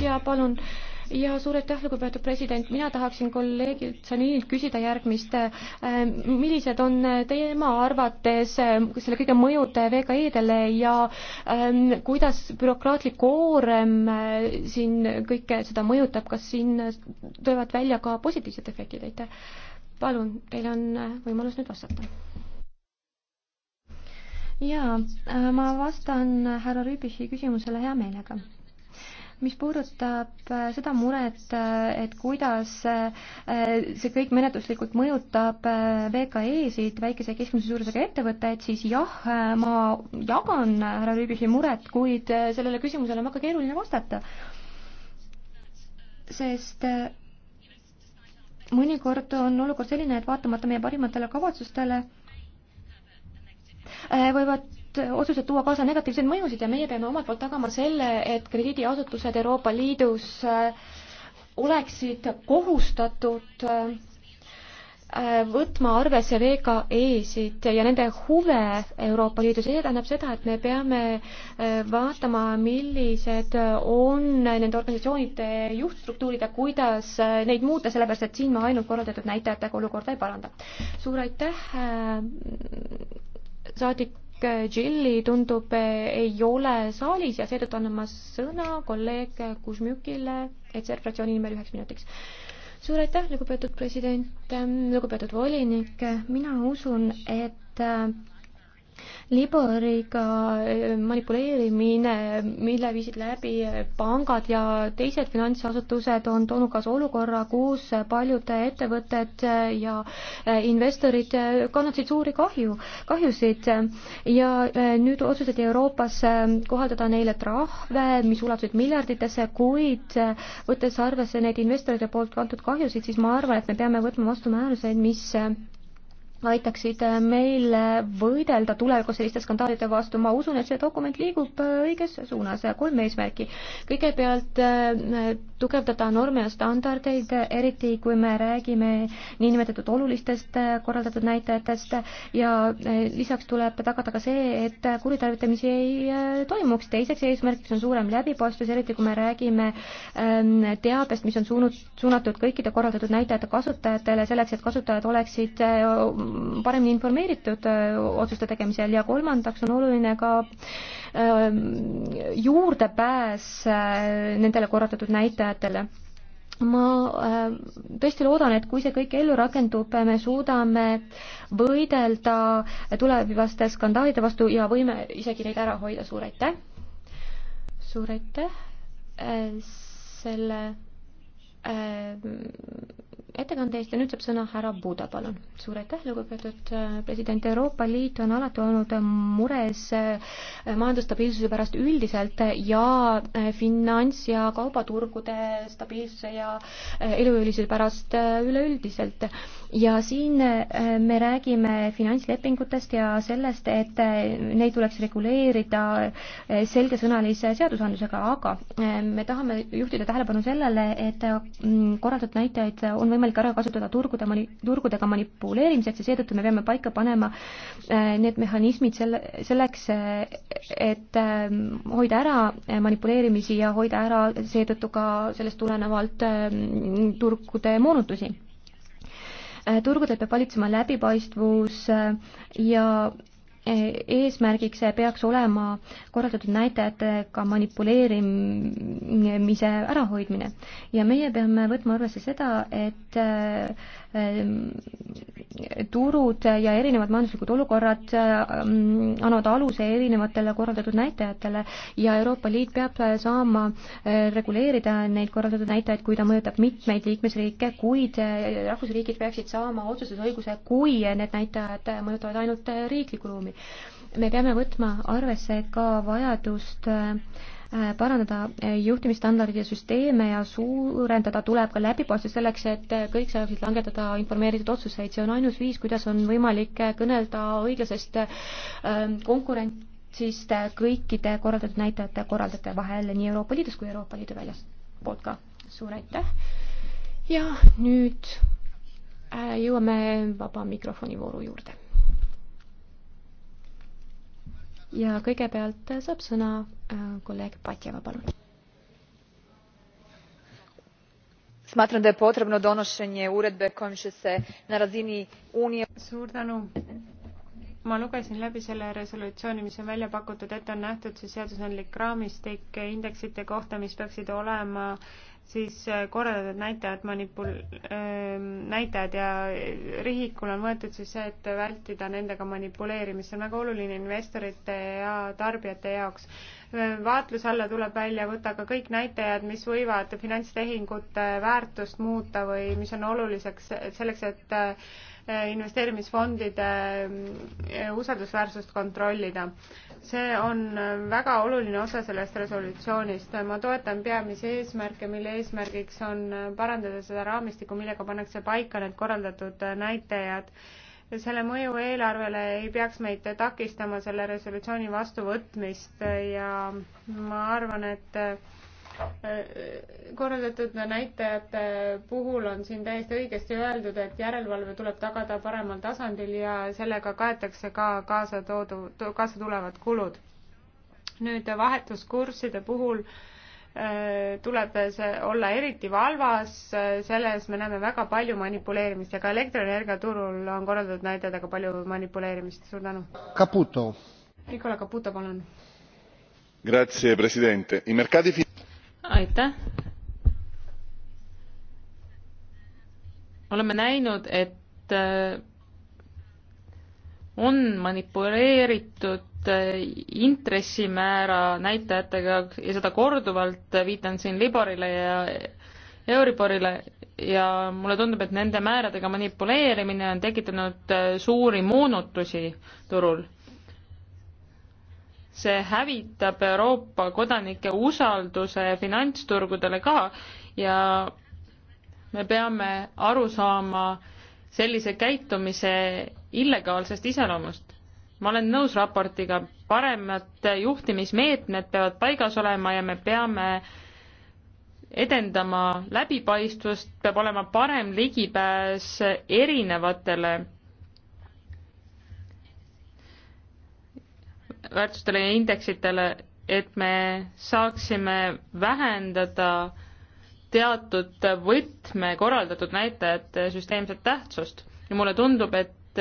ja palun äh, ja suur aitäh, lugupeetud president, mina tahaksin kolleegilt Saninilt küsida järgmist. Äh, millised on tema arvates äh, selle kõige mõjud VKE-dele ja ähm, kuidas bürokraatlik koorem äh, siin kõike seda mõjutab, kas siin tulevad välja ka positiivsed efektid, aitäh. palun, teil on võimalus nüüd vastata jaa, ma vastan härra Rüübichi küsimusele hea meelega mis puudutab äh, seda muret, äh, et kuidas äh, see kõik menetluslikult mõjutab VKE-sid, väikese ja keskmise suurusega ettevõtteid, siis jah, ma jagan härra Rüübichi muret, kuid sellele küsimusele on väga keeruline vastata. sest mõnikord on olukord selline, et vaatamata meie parimatele kavatsustele võivad need otsused tuua kaasa negatiivseid mõjusid ja meie peame omalt poolt tagama selle, et krediidiasutused Euroopa Liidus äh, oleksid kohustatud äh, võtma arvesse VKE-sid ja nende huve Euroopa Liidus. see tähendab seda, et me peame äh, vaatama, millised on nende organisatsioonide juhtstruktuurid ja kuidas neid muuta, sellepärast et siin ma ainult korraldatud näitajatega olukorda ei paranda. suur aitäh, saadik kolleeg Jilli tundub eh, ei ole saalis ja seetõttu annan ma sõna kolleeg Kuzmjukile, ETSR fraktsiooni nimel üheks minutiks. suur aitäh, lugupeetud president, lugupeetud volinik, mina usun, et liboriga eh, manipuleerimine, mille viisid läbi eh, pangad ja teised finantsasutused, on toonud kaasa olukorra, kus paljud ettevõtted eh, ja investorid kannatasid suuri kahju, kahjusid ja nüüd otsustati Euroopas kohaldada neile trahve, mis ulatusid miljarditesse, kuid võttes arvesse neid investorite poolt kantud kahjusid, siis ma arvan, et me peame võtma vastu määruseid, mis aitaksid äh, meil äh, võidelda tulevikus selliste skandaalide vastu. ma usun, et see dokument liigub äh, õiges suunas. kolm eesmärki. kõigepealt tugevdada norme ja standardeid, eriti kui me räägime niinimetatud olulistest korraldatud näitajatest ja lisaks tuleb tagada ka see, et kuritarvitamisi ei toimuks. teiseks eesmärgiks on suurem läbipaistvus, eriti kui me räägime ähm, teabest, mis on suunud, suunatud kõikide korraldatud näitajate kasutajatele, selleks et kasutajad oleksid paremini informeeritud äh, otsuste tegemisel ja kolmandaks on oluline ka äh, juurdepääs äh, nendele korraldatud näitajatele ma tõesti loodan, et kui see kõik ellu rakendub, me suudame võidelda tulevaste skandaalide vastu ja võime isegi neid ära hoida, suur aitäh! suur aitäh selle äh, ettekande eest ja nüüd saab sõna härra Buda, palun. suur aitäh, lugupeetud äh, president, Euroopa Liit on alati olnud äh, mures äh, majandusstabiilsuse pärast üldiselt ja finants- ja kaubaturgude stabiilsuse ja elujõulisuse pärast üleüldiselt. ja siin me räägime finantslepingutest ja sellest, et neid tuleks reguleerida selgesõnalise seadusandlusega, aga me tahame juhtida tähelepanu sellele, et mm, korraldatud näitajaid on on võimalik ära kasutada turgude mani-, turgudega manipuleerimiseks ja seetõttu me peame paika panema äh, need mehhanismid selle, selleks, äh, et äh, hoida ära manipuleerimisi ja hoida ära seetõttu ka sellest tulenevalt turgude moonutusi. turgudel peab valitsema läbipaistvus ja eesmärgiks peaks olema korraldatud näitajatega manipuleerimise ärahoidmine ja meie peame võtma arvesse seda, et Ehm, turud ja erinevad majanduslikud olukorrad ehm, annavad aluse erinevatele korraldatud näitajatele ja Euroopa Liit peab saama ehm, reguleerida neid korraldatud näitajaid, kui ta mõjutab mitmeid liikmesriike, kuid rahvusriigid peaksid saama otsustusõiguse, kui need näitajad mõjutavad ainult riiklikku ruumi. me peame võtma arvesse ka vajadust äh, Äh, parandada äh, juhtimisstandardid ja süsteeme ja suurendada tuleb ka läbipaistvust selleks, et äh, kõik saaksid langetada informeeritud otsuseid, see on ainus viis, kuidas on võimalik kõnelda õiglasest konkurentsist kõikide korraldatud näitajate korraldajate vahel nii Euroopa Liidus kui Euroopa Liidu väljaspoolt ka. suur aitäh ja nüüd jõuame vaba mikrofoni vooru juurde ja kõigepealt saab sõna äh, kolleeg Patjeva, palun. Smatram da je potrebno donošenje uredbe kojom će se na razini Unije... Suur tänu. Ma lugesin läbi selle resolutsiooni, mis on välja pakutud, et on nähtud see seadusandlik raamistik indeksite kohta, mis peaksid olema äh, siis äh, korraldatud näitajad, manipul-, ähm, näitajad ja rihikul on võetud siis see, et vältida nendega manipuleerimist, see on väga oluline investorite ja tarbijate jaoks. Äh, vaatluse alla tuleb välja võtta ka kõik näitajad, mis võivad finantstehingute äh, väärtust muuta või mis on oluliseks selleks, et investeerimisfondide mm, usaldusväärsust kontrollida. see on väga oluline osa sellest resolutsioonist. ma toetan peamisi eesmärke, mille eesmärgiks on parandada seda raamistikku, millega pannakse paika need korraldatud näitajad selle mõju eelarvele ei peaks meid takistama selle resolutsiooni vastuvõtmist ja ma arvan, et korraldatud näitajate puhul on siin täiesti õigesti öeldud, et järelevalve tuleb tagada paremal tasandil ja sellega kaetakse ka kaasa toodu, kaasa tulevad kulud. nüüd vahetuskursside puhul äh, tuleb see olla eriti valvas, selles me näeme väga palju manipuleerimist ja ka elektrienergia turul on korraldatud näitajatega palju manipuleerimist, suur tänu. Caputo. Nicola Caputo, palun. Grazie, president. I mercati aitäh. oleme näinud, et äh, on manipuleeritud äh, intressimäära näitajatega ja seda korduvalt, äh, viitan siin Liborile ja Euriborile ja mulle tundub, et nende määradega manipuleerimine on tekitanud suuri moonutusi turul see hävitab Euroopa kodanike usalduse finantsturgudele ka ja me peame aru saama sellise käitumise illegaalsest iseloomust. ma olen nõus raportiga, paremad juhtimismeetmed peavad paigas olema ja me peame edendama läbipaistvust, peab olema parem ligipääs erinevatele väärtustele ja indeksitele, et me saaksime vähendada teatud võtme korraldatud näitajate süsteemset tähtsust ja mulle tundub, et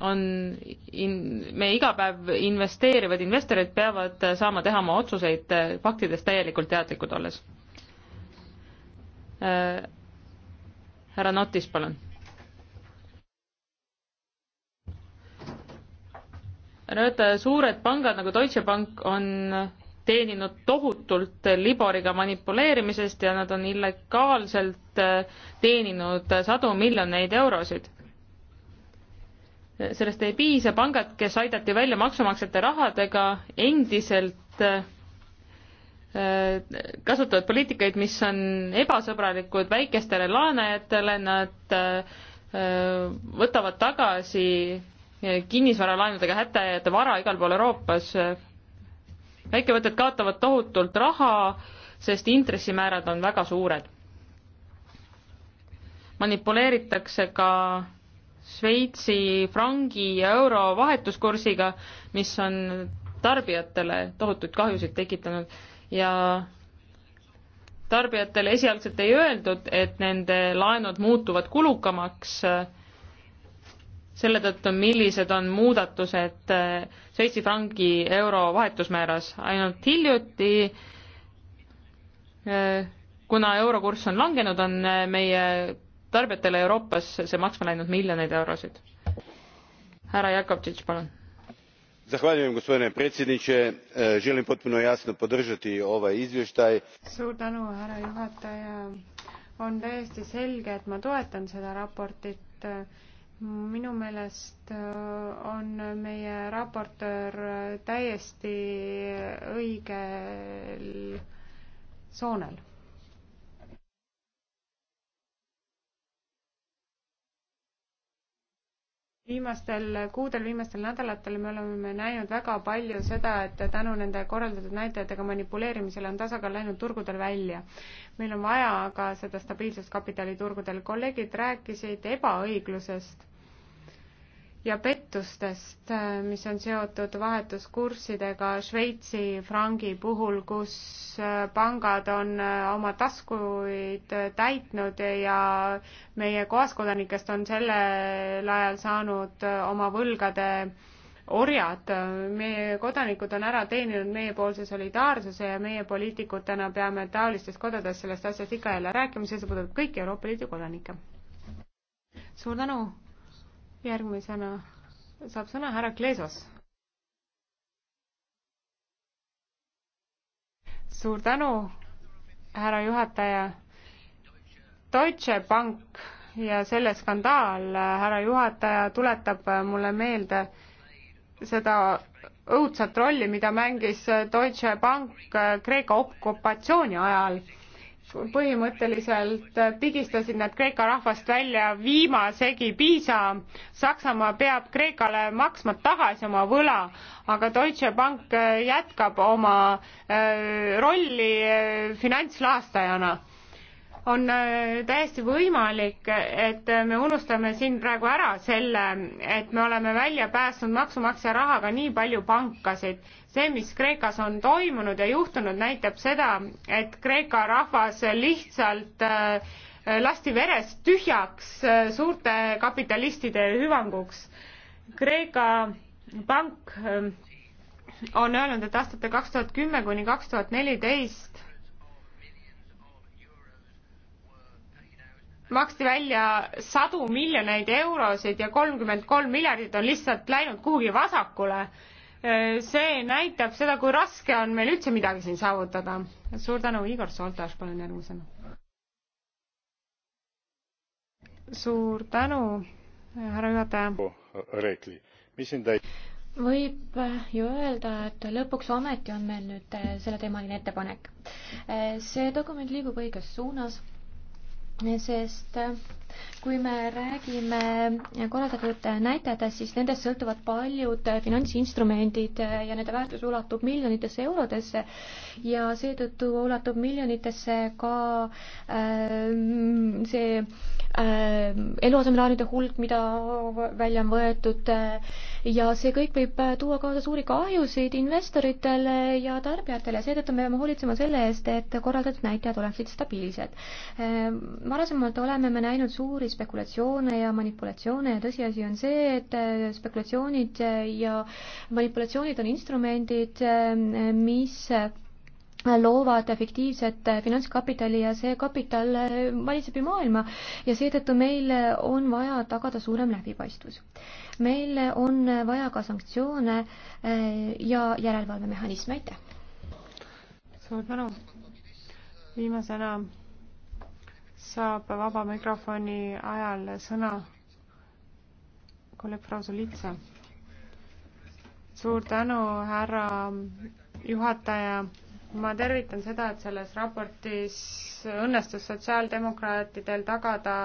on in-, meie iga päev investeerivad investorid peavad saama teha oma otsuseid faktidest täielikult teadlikud olles. Äh, härra Notis, palun nüüd suured pangad nagu Deutsche Bank on teeninud tohutult liboriga manipuleerimisest ja nad on illegaalselt äh, teeninud sadu miljoneid eurosid. sellest ei piisa, pangad, kes aidati välja maksumaksjate rahadega, endiselt äh, äh, kasutavad poliitikaid, mis on ebasõbralikud väikestele laenajatele, nad võtavad tagasi kinnisvaralaenudega hätta jääjate vara igal pool Euroopas. väikevõtted kaotavad tohutult raha, sest intressimäärad on väga suured. manipuleeritakse ka Šveitsi frangi ja euro vahetuskursiga, mis on tarbijatele tohutuid kahjusid tekitanud ja tarbijatele esialgselt ei öeldud, et nende laenud muutuvad kulukamaks äh, selle tõttu, millised on muudatused Šveitsi äh, frangi euro vahetusmääras. ainult hiljuti, äh, kuna eurokurss on langenud, on äh, meie tarbijatele Euroopas see maksma läinud miljoneid eurosid. härra Jakovtšitš, palun. Zahvaljujem gospodine predsjedniče, želim potpuno jasno podržati ovaj izvještaj. suur tänu, härra juhataja. on täiesti selge, et ma toetan seda raportit minu meelest äh, on meie raportöör äh, täiesti õigel soonel viimastel kuudel, viimastel nädalatel me oleme näinud väga palju seda, et tänu nende korraldatud näitajatega manipuleerimisele on tasakaal läinud turgudel välja. meil on vaja ka seda stabiilsust kapitaliturgudel. kolleegid rääkisid ebaõiglusest ja pet-, vahetustest, mis on seotud vahetuskurssidega Šveitsi frangi puhul, kus pangad on oma taskuid täitnud ja meie kaaskodanikest on sellel ajal saanud oma võlgade orjad, meie kodanikud on ära teeninud meiepoolse solidaarsuse ja meie poliitikutena peame taolistes kodades sellest asjast ikka jälle rääkima, see puudutab kõiki Euroopa Liidu kodanikke. suur tänu, järgmisena saab sõna härra Kleesos. suur tänu, härra juhataja. Deutsche Bank ja selle skandaal, härra juhataja, tuletab mulle meelde seda õudsat rolli, mida mängis Deutsche Bank Kreeka okupatsiooni ajal põhimõtteliselt pigistasid nad Kreeka rahvast välja viimasegi piisa. Saksamaa peab Kreekale maksma tagasi oma võla, aga Deutsche Bank jätkab oma äh, rolli äh, finantslaastajana on äh, täiesti võimalik, et me unustame siin praegu ära selle, et me oleme välja päästnud maksumaksja rahaga nii palju pankasid. see, mis Kreekas on toimunud ja juhtunud, näitab seda, et Kreeka rahvas lihtsalt äh, lasti verest tühjaks äh, suurte kapitalistide hüvanguks. Kreeka pank on öelnud, et aastatel kaks tuhat kümme kuni kaks tuhat neliteist maksti välja sadu miljoneid eurosid ja kolmkümmend kolm miljardit on lihtsalt läinud kuhugi vasakule. see näitab seda, kui raske on meil üldse midagi siin saavutada. suur tänu, Igor Soltaš, palun järgmisena. suur tänu, härra juhataja. võib ju öelda, et lõpuks ometi on meil nüüd eh, selleteemaline ettepanek. Eh, see dokument liigub õiges suunas sest kui me räägime korraldatud näitajatest, siis nendest sõltuvad paljud finantsinstrumendid ja nende väärtus ulatub miljonitesse eurodesse ja seetõttu ulatub miljonitesse ka äh, see äh, eluasemelaenude hulk, mida välja on võetud ja see kõik võib tuua kaasa suuri kahjusid investoritele ja tarbijatele, seetõttu me peame hoolitsema selle eest, et korraldatud näitajad oleksid stabiilsed äh,. varasemalt oleme me näinud suuri spekulatsioone ja manipulatsioone ja tõsiasi on see, et äh, spekulatsioonid äh, ja manipulatsioonid on instrumendid, äh, mis loovad efektiivset finantskapitali ja see kapital valitseb ju maailma ja seetõttu meil on vaja tagada suurem läbipaistvus. meil on vaja ka sanktsioone ja järelevalvemehhanisme, aitäh! suur tänu! viimasena saab vaba mikrofoni ajal sõna kolleeg Frausolitsa. suur tänu, härra juhataja. ma tervitan seda, et selles raportis õnnestus sotsiaaldemokraatidel tagada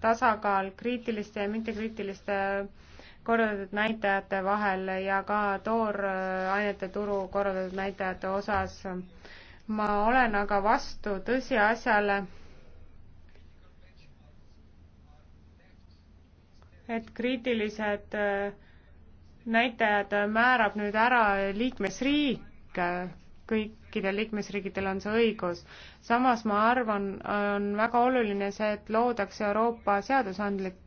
tasakaal kriitiliste ja mittekriitiliste korraldatud näitajate vahel ja ka toorainete turu korraldatud näitajate osas. ma olen aga vastu tõsiasjale, et kriitilised äh, näitajad määrab nüüd ära liikmesriik, kõikidel liikmesriikidel on see õigus. samas ma arvan, on väga oluline see, et loodaks Euroopa seadusandlik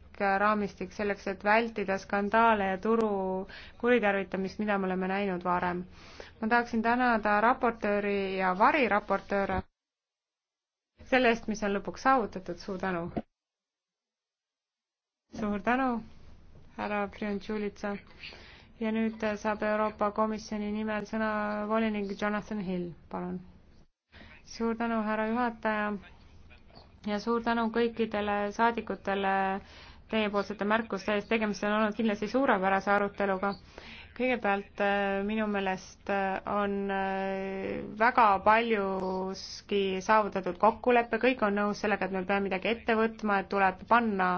raamistik selleks, et vältida skandaale ja turu kuritarvitamist, mida me oleme näinud varem. ma tahaksin tänada raportööri ja variraportööre selle eest, mis on lõpuks saavutatud, suur tänu! suur tänu, härra Priantšulitsa. ja nüüd saab Euroopa Komisjoni nimel sõna volinik Jonathan Hill, palun. suur tänu, härra juhataja ja suur tänu kõikidele saadikutele teiepoolsete märkuste eest, tegemist on olnud kindlasti suurepärase aruteluga kõigepealt äh, minu meelest äh, on äh, väga paljuski saavutatud kokkulepe, kõik on nõus sellega, et me peame midagi ette võtma, et tuleb panna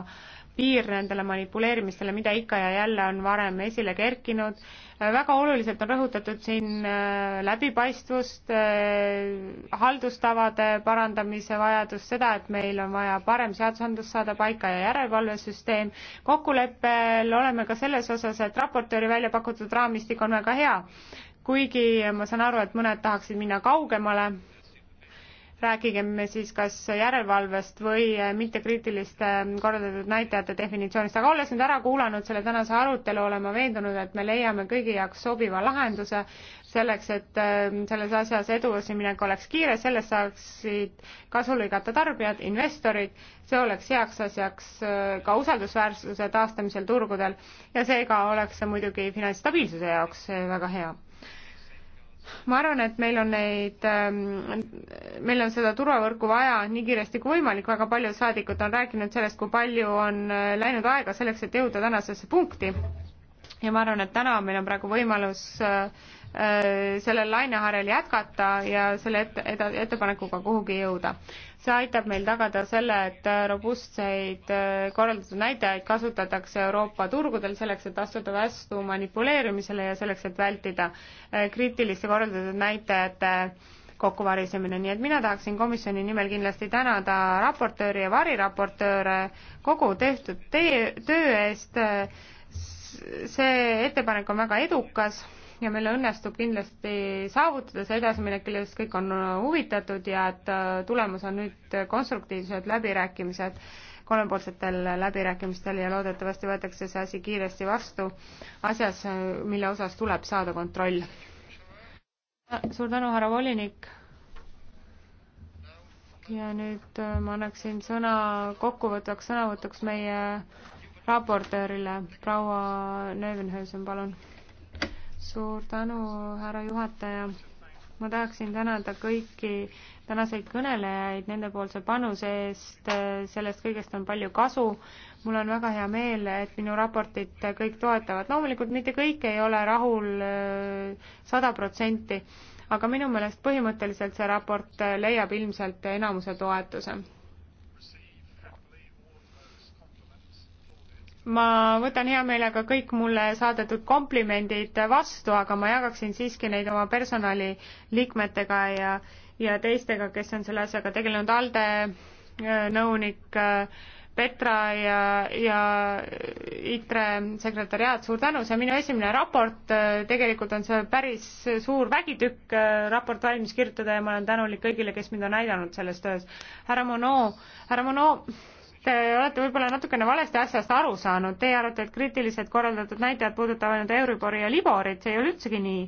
piir nendele manipuleerimistele, mida ikka ja jälle on varem esile kerkinud. väga oluliselt on rõhutatud siin äh, läbipaistvust, äh, haldustavade parandamise vajadust, seda, et meil on vaja parem seadusandlus saada paika ja järelevalvesüsteem. kokkuleppel oleme ka selles osas, et raportööri välja pakutud raamistik on väga hea, kuigi ma saan aru, et mõned tahaksid minna kaugemale rääkigem me siis kas järelevalvest või äh, mittekriitiliste äh, korraldatud näitajate definitsioonist, aga olles nüüd ära kuulanud selle tänase arutelu, olen ma veendunud, et me leiame kõigi jaoks sobiva lahenduse selleks, et äh, selles asjas edusiminek oleks kiire, sellest saaksid kasu lõigata tarbijad, investorid, see oleks heaks asjaks ka usaldusväärsuse taastamisel turgudel ja seega oleks see muidugi finantsstabiilsuse jaoks väga hea ma arvan, et meil on neid, ähm, meil on seda turvavõrku vaja nii kiiresti kui võimalik, väga paljud saadikud on rääkinud sellest, kui palju on äh, läinud aega selleks, et jõuda tänasesse punkti. ja ma arvan, et täna meil on praegu võimalus äh, Äh, sellel laineharjal jätkata ja selle ette, eda-, ettepanekuga kuhugi jõuda. see aitab meil tagada selle, et äh, robustseid äh, korraldatud näitajaid kasutatakse Euroopa turgudel selleks, et astuda vastu manipuleerimisele ja selleks, et vältida kriitiliste korraldatud näitajate kokkuvarisemine, nii et mina tahaksin komisjoni nimel kindlasti tänada raportööri ja variraportööre kogu tehtud tee, töö eest, see ettepanek on väga edukas ja meil õnnestub kindlasti saavutada see edasiminek, millest kõik on huvitatud ja et äh, tulemus on nüüd konstruktiivsed läbirääkimised, kolmepoolsetel läbirääkimistel ja loodetavasti võetakse see asi kiiresti vastu asjas, mille osas tuleb saada kontroll. suur tänu, härra volinik. ja nüüd äh, ma annaksin sõna kokkuvõtvaks sõnavõtuks meie raportöörile, proua Neuvenhösen, palun suur tänu, härra juhataja. ma tahaksin tänada kõiki tänaseid kõnelejaid nendepoolse panuse eest, sellest kõigest on palju kasu. mul on väga hea meel, et minu raportit kõik toetavad, loomulikult mitte kõik ei ole rahul äh, sada protsenti, aga minu meelest põhimõtteliselt see raport leiab ilmselt enamuse toetuse ma võtan hea meelega kõik mulle saadetud komplimendid vastu, aga ma jagaksin siiski neid oma personaliliikmetega ja, ja teistega, kes on selle asjaga tegelenud, ALDE äh, nõunik äh, Petra ja, ja ITRE sekretäriaat, suur tänu, see on minu esimene raport, äh, tegelikult on see päris suur vägitükk raport valmis kirjutada ja ma olen tänulik kõigile, kes mind on aidanud selles töös. härra Monod, härra Monod, Te äh, olete võib-olla natukene valesti asjast aru saanud, teie arvate, et kriitiliselt korraldatud näitajad puudutavad ainult Euribori ja Liborit, see ei ole üldsegi nii.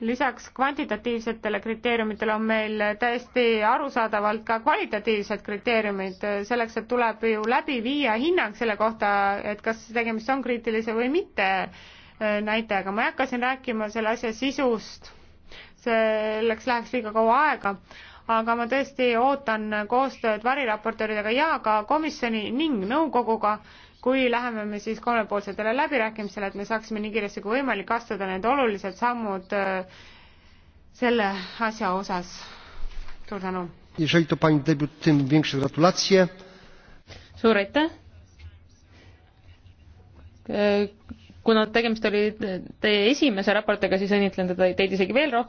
lisaks kvantitatiivsetele kriteeriumitele on meil täiesti arusaadavalt ka kvalitatiivsed kriteeriumid, selleks et tuleb ju läbi viia hinnang selle kohta, et kas tegemist on kriitilise või mitte äh, näitajaga, ma ei hakka siin rääkima selle asja sisust, selleks läheks liiga kaua aega aga ma tõesti ootan koostööd variraportööridega ja ka komisjoni ning nõukoguga, kui läheme me siis kolmepoolsetele läbirääkimistele, et me saaksime nii kiiresti kui võimalik astuda need olulised sammud äh, selle asja osas. suur tänu. suur aitäh. Äh, kuna tegemist oli teie esimese raportiga, siis õnnitlen teda, teid isegi veel rohkem.